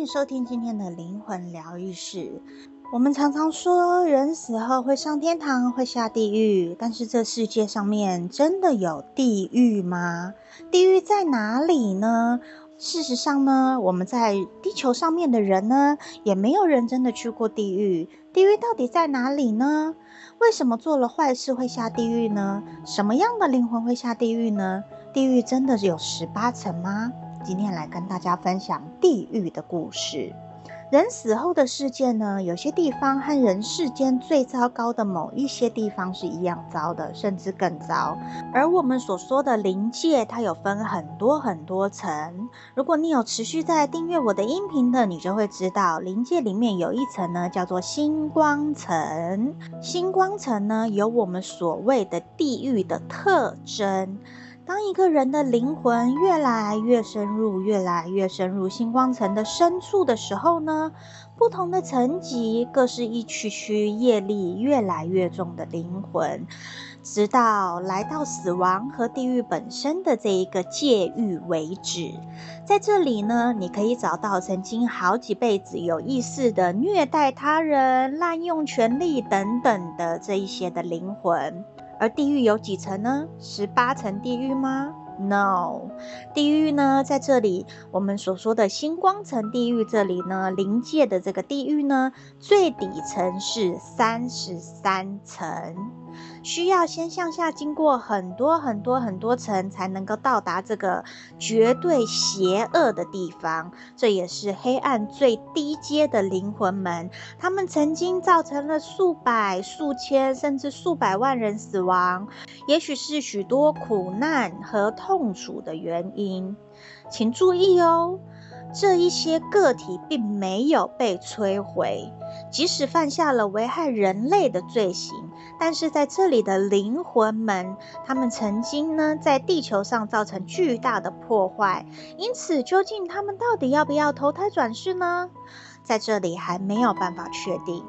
歡迎收聽今天的靈魂療癒室。我們常常說，人死後會上天堂，會下地獄。但是這世界上面真的有地獄嗎？地獄在哪裡呢？事實上呢，我們在地球上面的人呢，也沒有人真的去過地獄。地獄到底在哪裡呢？為什麼做了壞事會下地獄呢？什麼樣的靈魂會下地獄呢？地獄真的有十八層嗎？今天來跟大家分享地獄的故事。人死後的世界呢，有些地方和人世間最糟糕的某一些地方是一樣糟的，甚至更糟。而我們所說的靈界，它有分很多很多層。如果你有持續在訂閱我的音頻的，你就會知道，靈界裡面有一層呢，叫做星光層。星光層呢，有我們所謂的地獄的特徵。當一個人的靈魂越來越深入、越來越深入星光層的深處的時候呢，不同的層級各是一區區業力越來越重的靈魂，直到來到死亡和地獄本身的這一個界域為止。在這裡呢，你可以找到曾經好幾輩子有意識的虐待他人、濫用權力等等的這一些的靈魂。而地獄有幾層呢？十八層地獄嗎？No，地獄呢，在這裡我們所說的星光層地獄，這裡呢，臨界的這個地獄呢，最底層是三十三層。需要先向下經過很多很多很多層，才能夠到達這個絕對邪惡的地方。這也是黑暗最低階的靈魂們，他們曾經造成了數百、數千，甚至數百萬人死亡，也許是許多苦難和痛楚的原因。請注意哦，這一些個體並沒有被摧毀。即使犯下了危害人類的罪行，但是在這裡的靈魂們，他們曾經呢在地球上造成巨大的破壞，因此究竟他們到底要不要投胎轉世呢？在這裡還沒有辦法確定。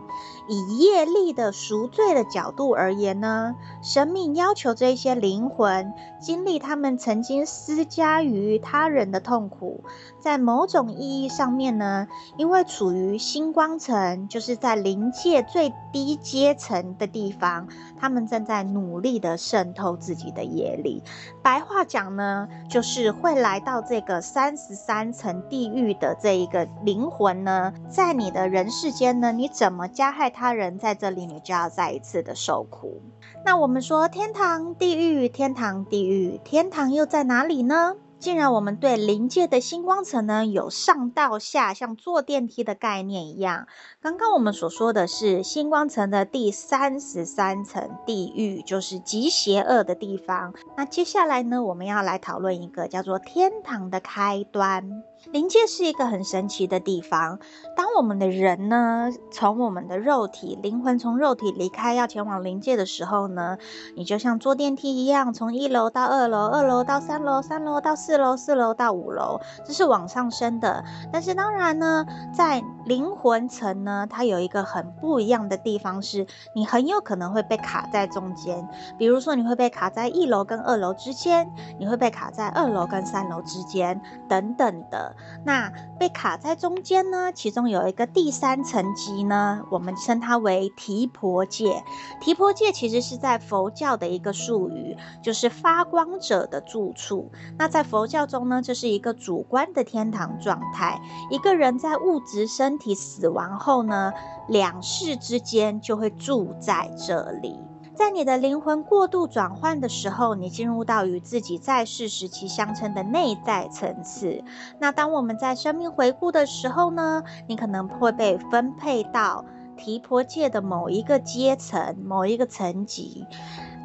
以業力的贖罪的角度而言呢，神明要求這些靈魂經歷他們曾經施加於他人的痛苦。在某種意義上面呢，因為處於星光層，就是在靈界最低階層的地方，他們正在努力的滲透自己的業力。白話講呢，就是會來到這個三十三層地獄的這一個靈魂呢，在你的人世間呢，你怎麼加害他人，在這裡你就要再一次的受苦。那我們說天堂、地獄、天堂、地獄、天堂又在哪裡呢？既然我們對臨界的星光層呢，有上到下，像坐電梯的概念一樣，剛剛我們所說的是星光層的第三十三層地獄，就是極邪惡的地方。那接下來呢，我們要來討論一個叫做天堂的開端。靈界是一個很神奇的地方。當我們的人呢，從我們的肉體，靈魂從肉體離開，要前往靈界的時候呢，你就像坐電梯一樣，從一樓到二樓，二樓到三樓，三樓到四樓，四樓到五樓，這是往上升的。但是當然呢，在靈魂層呢，它有一個很不一樣的地方是，是你很有可能會被卡在中間。比如說你會被卡在一樓跟二樓之間，你會被卡在二樓跟三樓之間，等等的。那被卡在中間呢，其中有一個第三層級呢，我們稱它為提婆界。提婆界其實是在佛教的一個術語，就是發光者的住處。那在佛教中呢，這是一個主觀的天堂狀態。一個人在物質身體死亡後呢，兩世之間就會住在這裡。在你的靈魂過度轉換的時候，你進入到與自己在世時期相稱的內在層次。那當我們在生命回顧的時候呢，你可能會被分配到提婆界的某一個階層、某一個層級。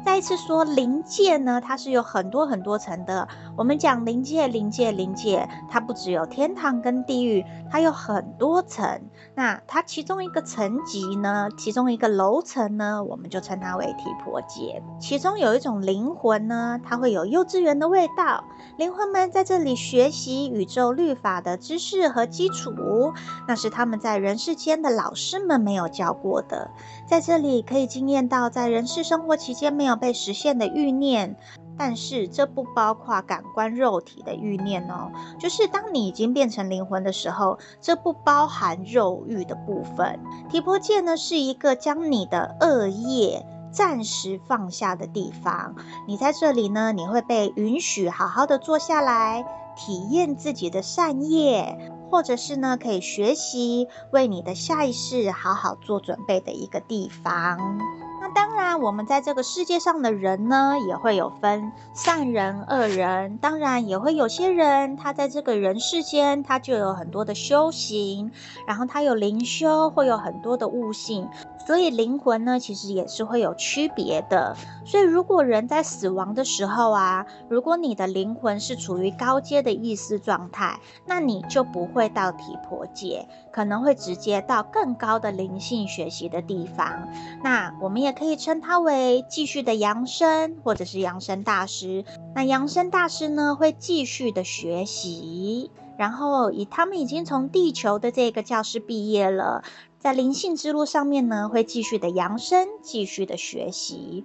再一次說，靈界呢，它是有很多很多層的。我們講靈界，靈界，靈界，它不只有天堂跟地獄，它有很多層。那它其中一個層級呢，其中一個樓層呢，我們就稱它為提婆界。其中有一種靈魂呢，它會有幼稚園的味道。靈魂們在這裡學習宇宙律法的知識和基礎，那是他們在人世間的老師們沒有教過的。在這裡可以經驗到，在人世生活期間沒有。被實現的慾念，但是這不包括感官肉體的慾念哦。就是當你已經變成靈魂的時候，這不包含肉慾的部分。提婆界呢，是一個將你的惡業暫時放下的地方。你在這裡呢，你會被允許好好的坐下來，體驗自己的善業，或者是呢，可以學習為你的下一世好好做準備的一個地方。當然，我們在這個世界上的人呢，也會有分善人、惡人。當然，也會有些人，他在這個人世間，他就有很多的修行，然後他有靈修，會有很多的悟性。所以靈魂呢，其實也是會有區別的。所以如果人在死亡的時候啊，如果你的靈魂是處於高階的意識狀態，那你就不會到體婆界，可能會直接到更高的靈性學習的地方。那我們也可以稱它為繼續的揚升，或者是揚升大師。那揚升大師呢，會繼續的學習，然後以他們已經從地球的這個教室畢業了。在靈性之路上面呢，會繼續的揚升，繼續的學習。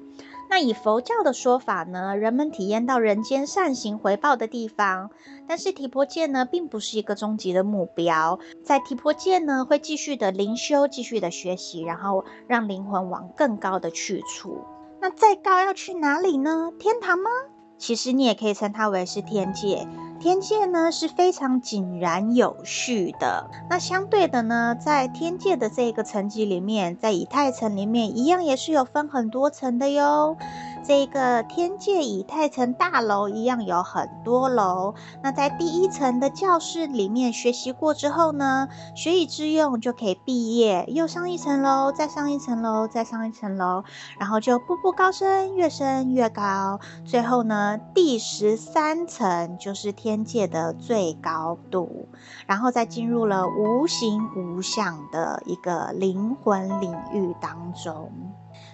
那以佛教的說法呢，人們體驗到人間善行回報的地方，但是提婆界呢，並不是一個終極的目標。在提婆界呢，會繼續的靈修，繼續的學習，然後讓靈魂往更高的去處。那再高要去哪裡呢？天堂嗎？其實你也可以稱它為是天界。天界呢是非常井然有序的，那相對的呢，在天界的這個層級裡面，在以太層裡面，一樣也是有分很多層的喲。這個天界以太層大樓一樣有很多樓，那在第一層的教室裡面學習過之後呢，學以致用就可以畢業，又上一層樓，再上一層樓，再上一層樓，然後就步步高升，越升越高，最後呢，第十三層就是天界的最高度，然後再進入了無形無相的一個靈魂領域當中。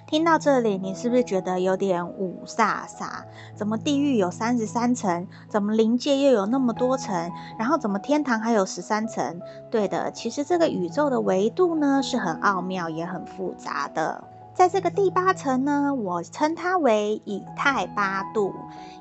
聽到這裡，你是不是覺得有點霧煞煞？怎麼地獄有三十三層，怎麼靈界又有那麼多層，然後怎麼天堂還有十三層？對的，其實這個宇宙的維度呢，是很奧妙也很複雜的。在這個第八層呢，我稱它為以太八度。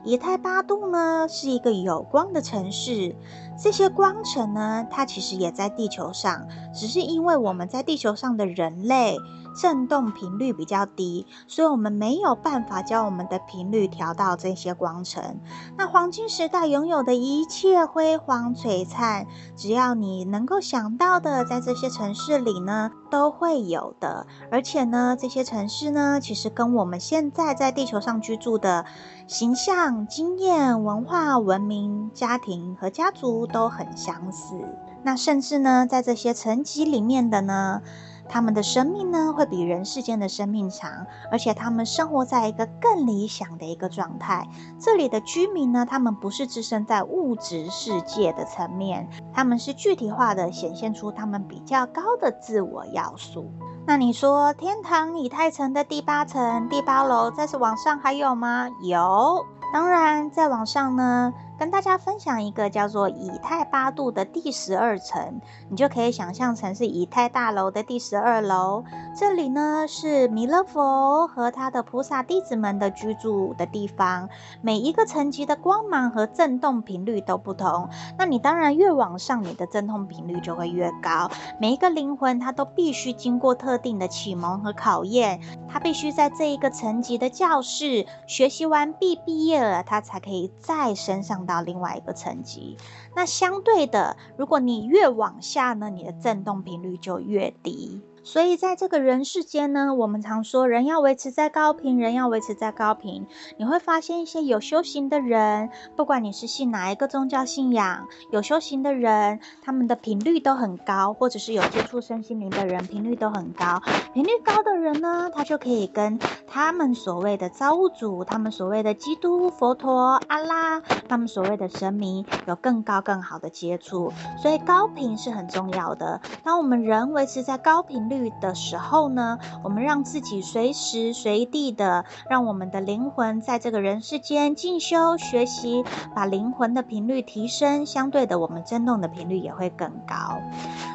以太八度呢，是一個有光的城市，這些光城呢，它其實也在地球上，只是因為我們在地球上的人類。震動頻率比較低，所以我們沒有辦法將我們的頻率調到這些光層。那黃金時代擁有的一切輝煌璀璨，只要你能夠想到的，在這些城市裡呢，都會有的。而且呢，這些城市呢，其實跟我們現在在地球上居住的形象、經驗、文化、文明、家庭和家族都很相似。那甚至呢，在這些層級裡面的呢，他們的生命呢，會比人世間的生命長，而且他們生活在一個更理想的一個狀態。這裡的居民呢，他們不是置身在物質世界的層面，他們是具體化的顯現出他們比較高的自我要素。那你說，天堂以太層的第八層、第八樓，再是往上還有嗎？有，當然在往上呢。跟大家分享一個叫做以太八度的第十二層，你就可以想象成是以太大樓的第十二樓。這裡呢，是彌勒佛和他的菩薩弟子們的居住的地方。每一個層級的光芒和震動頻率都不同。那你當然越往上，你的震動頻率就會越高。每一個靈魂他都必須經過特定的啟蒙和考驗，他必須在這一個層級的教室學習完畢畢業了，他才可以再升上到另外一個層級，那相對的，如果你越往下呢，你的震動頻率就越低。所以，在這個人世間呢，我們常說人要維持在高頻，人要維持在高頻。你會發現一些有修行的人，不管你是信哪一個宗教信仰，有修行的人，他們的頻率都很高，或者是有接觸身心靈的人，頻率都很高。頻率高的人呢，他就可以跟他們所謂的造物主、他們所謂的基督、佛陀、阿拉、他們所謂的神明有更高、更好的接觸。所以，高頻是很重要的。當我們人維持在高頻率的時候呢，我們讓自己隨時隨地的讓我們的靈魂在這個人世間進修學習，把靈魂的頻率提升，相對的，我們震動的頻率也會更高。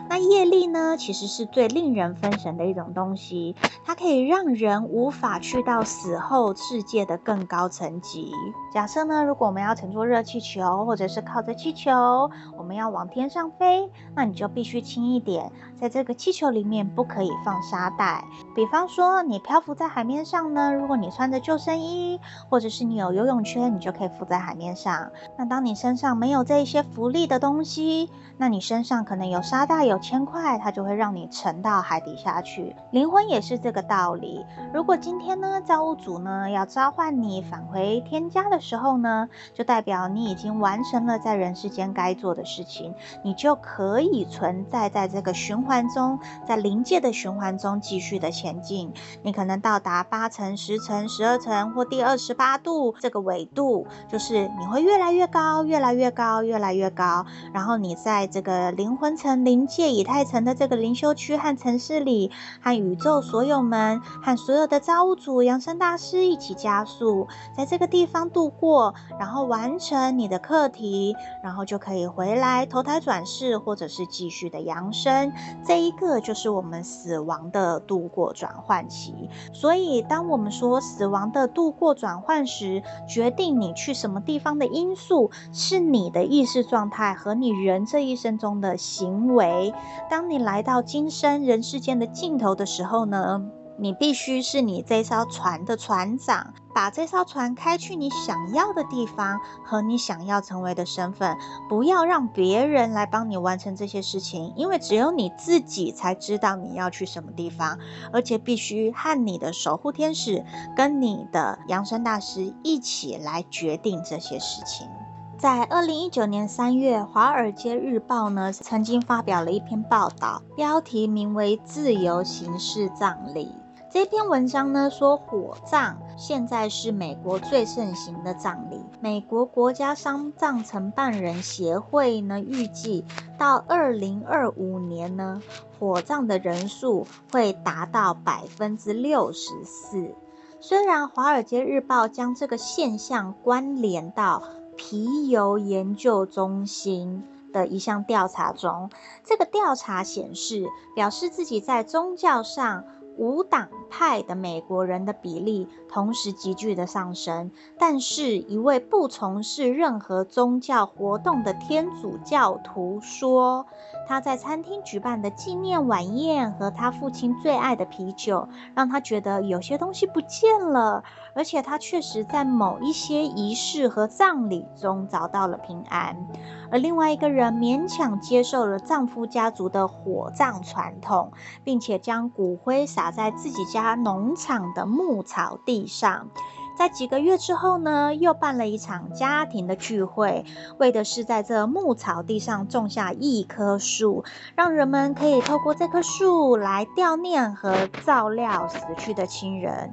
那業力呢，其實是最令人分神的一種東西，它可以讓人無法去到死後世界的更高層級。假設呢，如果我們要乘坐熱氣球，或者是靠着氣球，我們要往天上飛，那你就必須輕一點，在這個氣球裡面不。可以放沙袋，比方說你漂浮在海面上呢，如果你穿着救生衣，或者是你有游泳圈，你就可以浮在海面上。那當你身上沒有這一些浮力的東西，那你身上可能有沙袋、有鉛塊，它就會讓你沉到海底下去。靈魂也是這個道理。如果今天呢，造物主呢要召喚你返回天家的時候呢，就代表你已經完成了在人世間該做的事情，你就可以存在在這個循環中，在靈。的循環中繼續的前進，你可能到達八層、十層、十二層或第二十八度這個緯度，就是你會越來越高、越來越高、越來越高。然後你在這個靈魂城、靈界、以太城的這個靈修區和城市裡，和宇宙所有門、和所有的造物主、揚升大師一起加速，在這個地方度過，然後完成你的課題，然後就可以回來投胎轉世，或者是繼續的揚升。這一個就是我們。死亡的度過轉換期，所以當我們說死亡的度過轉換時，決定你去什麼地方的因素是你的意識狀態和你人這一生中的行為。當你來到今生人世間的盡頭的時候呢，你必須是你這艘船的船長，把這艘船開去你想要的地方和你想要成為的身份，不要讓別人來幫你完成這些事情，因為只有你自己才知道你要去什麼地方，而且必須和你的守護天使、跟你的揚升大師一起來決定這些事情。在二零一九年三月，《華爾街日報》呢曾經發表了一篇報道，標題名為《自由形式葬禮》。這篇文章呢說，火葬現在是美國最盛行的葬禮。美國國家喪葬承辦人協會呢預計，到二零二五年呢，火葬的人數會達到百分之六十四。雖然《華爾街日報》將這個現象關聯到皮尤研究中心的一項調查中，這個調查顯示，表示自己在宗教上。無黨派的美國人的比例同時急劇的上升，但是，一位不從事任何宗教活動的天主教徒說，他在餐廳舉辦的紀念晚宴和他父親最愛的啤酒，讓他覺得有些東西不見了。而且她確實在某一些儀式和葬禮中找到了平安，而另外一個人勉強接受了丈夫家族的火葬傳統，並且將骨灰撒在自己家農場的牧草地上。在幾個月之後呢，又辦了一場家庭的聚會，為的是在這牧草地上種下一棵樹，讓人們可以透過這棵樹來悼念和照料死去的親人。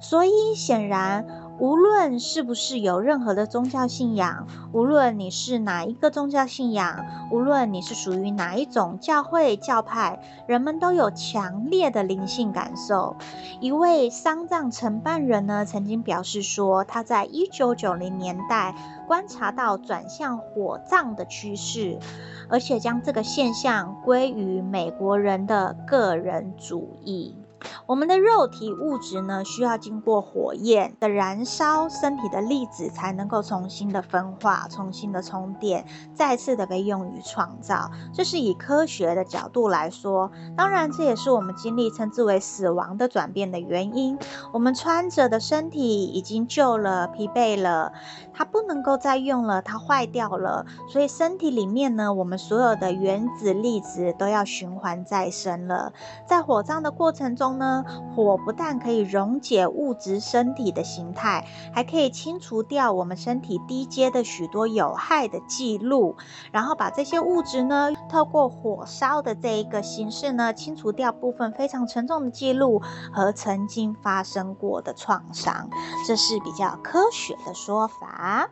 所以，顯然。無論是不是有任何的宗教信仰，無論你是哪一個宗教信仰，無論你是屬於哪一種教會教派，人們都有強烈的靈性感受。一位喪葬承辦人呢，曾經表示說，他在一九九零年代觀察到轉向火葬的趨勢，而且將這個現象歸於美國人的個人主義。我們的肉體物質呢，需要經過火焰的燃燒，身體的粒子才能夠重新的分化、重新的充電、再次的被用於創造。這是以科學的角度來說，當然這也是我們經歷稱之為死亡的轉變的原因。我們穿着的身體已經舊了、疲憊了，它不能夠再用了，它壞掉了。所以身體裡面呢，我們所有的原子粒子都要循環再生了。在火葬的過程中。呢，火不但可以溶解物質身體的形態，還可以清除掉我們身體低階的許多有害的記錄，然後把這些物質呢，透過火燒的這一個形式呢，清除掉部分非常沉重的記錄和曾經發生過的創傷，這是比較科學的說法。